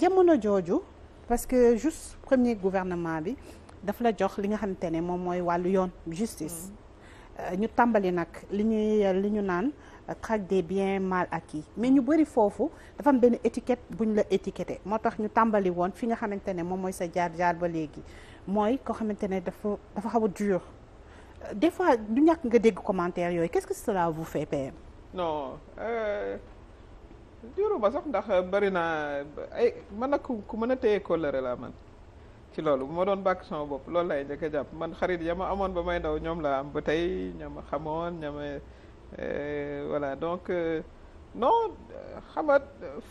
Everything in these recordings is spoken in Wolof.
jamono jooju parce que juste premier gouvernement bi daf la jox li nga xamante ne moom mooy wàllu yoon justice. Euh, ñu tàmbali nag li ñuy li ñu naan euh, traque des biens mal acquis mais ñu bëri foofu dafa am benn étiquette buñ la étiqueté moo tax ñu tàmbali woon fi nga xamante ne moom mooy sa jaar jaar ba léegi mooy koo xamante ne dafa dafa xaw a dur euh, des fois du ñàkk nga dégg commentaire yooyu quest que cela vous fait PM. juru ba sax ndax euh, bari naa ay man nag ku mën a téye kóllëre laa man ci loolu bu ma doon bàkk sama bopp loolu lay njëkk a jàpp man xarit ya ma amoon ba may ndaw ñoom laa am ba tey ña ma xamoon ña ma euh, voilà donc euh, non xam nga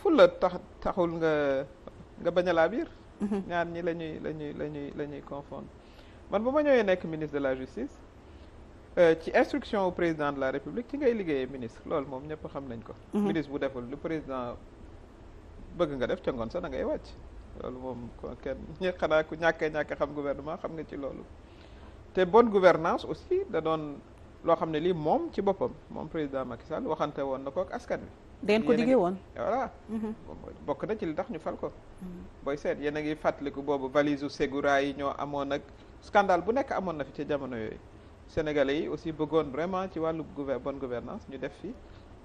fulla tax taxul nga nga bañ laa biir mhm. ñaar ñi la ñuy la ñuy la ñuy la ñuy confondre man ba ma ñëwee nekk ministre de la justice Euh, ci instruction au président de la république ci ngay liggéeyee ministre loolu moom ñëpp xam nañ ko. Mhm. ministre bu deful lu président bëgg nga def ca ngoon sax da ngay wàcc. loolu moom kenn ñi xanaa ku ñàkkee ñàkk xam gouvernement xam nga ci loolu. te bonne gouvernance aussi da doon loo xam ne lii moom ci boppam moom président Macky Sall waxante woon na ko askan wi. dangeen ko diggee woon voilà. Mhm. bokk na ci li tax ñu fal ko. Mhm. booy seet yéen a ngi fàttaliku boobu valise u Ségura yi ñoo amoon ak scandale bu nekk amoon na fi ca jamono yooyu. sénégalais yi aussi bëggoon vraiment ci wàllu bonne gouvernance ñu def fi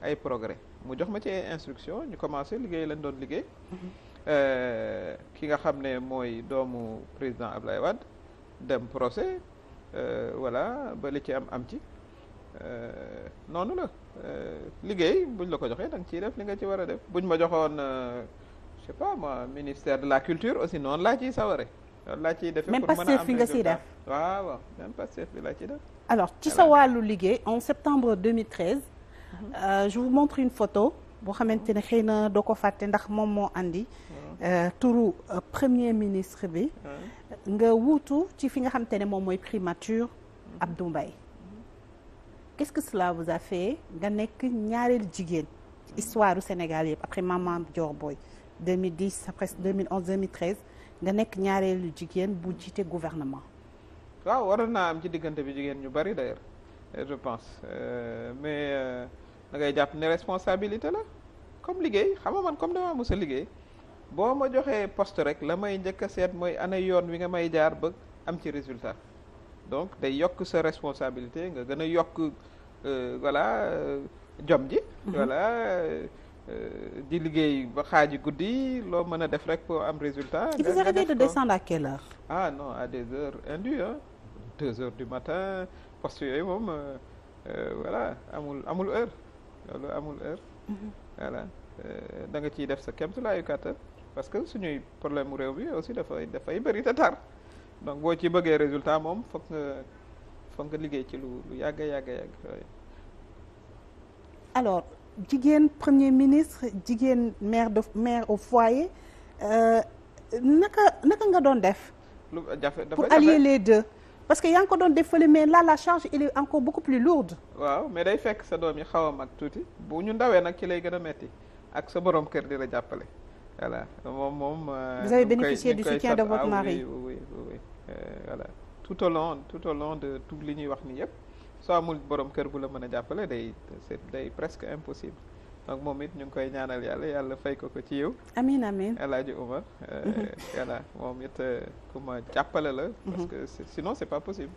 ay progrès mu jox ma ci ay instruction ñu commencé liggéey lañ doon liggéey mm-hmm. euh, ki nga xam ne mooy doomu président Ablaye Wade dem procès euh, voilà ba li ci am am ci euh, noonu la liggéey buñ la ko joxee da nga ciy def li nga ci war a def buñ ma joxoon je sais pas moi ministère de la culture aussi noonu laa ciy saware loolu laa ciy defee pour mën a am même fi nga siy def. waaw waaw même alors ci eh sa wàllu liggéey en septembre 2013. Euh, je vous montre une photo boo xamante ne xëy na doo ko fàtte ndax moom moo andi. Euh, turu euh, premier ministre bi. nga wuutu ci fi nga xamante ne moom mooy primature mm-hmm. du mbay qu'est-ce que cela vous a fait nga nekk ñaareelu jigéen. Mm-hmm. histoire du Sénégal yëpp après Maman Dior Boy 2010 après 2011 2013. nga nekk ñaareelu jigéen bu jiite gouvernement. waaw waroon naa am ci diggante bi jigéen ñu bari d'ailleurs je pense euh, mais euh, da ngay jàpp ne responsabilité la comme liggéey xam nga man comme damaa mos a liggéey boo ma joxee poste rek la may njëkk a seet mooy ana yoon wi nga may jaar ba am ci résultat donc day yokk sa responsabilité nga gën a yokk euh, voilà euh, jom ji. Mhm. voilà. Euh, di liggéey ba xaaji guddi loo mën a def rek pour am résultat. nga vous arrêtez de descendre à quelle ah non à des heures indues ah deux heures du matin poste yooyu moom euh, euh, voilà amul amul heure loolu amul heure. Mhm. voilà da nga ciy def sa kéemtulaayu kàttan parce que suñuy problème mu réew bi aussi dafay dafay bëri te tar donc boo ci bëggee résultat moom foog nga foog nga liggéey ci lu lu yàgg yàgg yàgg. jigéen premier ministre jigéen mère de mère au foyer euh, naka naka nga doon def. pour allier les deux. parce que yaa ngi ko doon def mais là la charge il est encore beaucoup plus lourde. waaw mais day fekk sa doom yi xaw a mag tuuti bu ñu ndawee nag ci lay gën a metti ak sa borom kër di la jàppale voilà moom moom. Euh, vous avez bénéficié du soutien de votre ah mari. oui oui oui euh, tout au long tout au long de tout li ñuy wax ni yëpp. soo amul borom kër bu la mën a jàppale day c'est day presque impossible donc moom it ñu ngi koy ñaanal yàlla yàlla fay ko ko ci yow. amiin amiin El Hadj Oumar. Euh, mhm. voilà moom it euh, ku ma jàppale la. Mhm. parce que sinon c'est pas possible.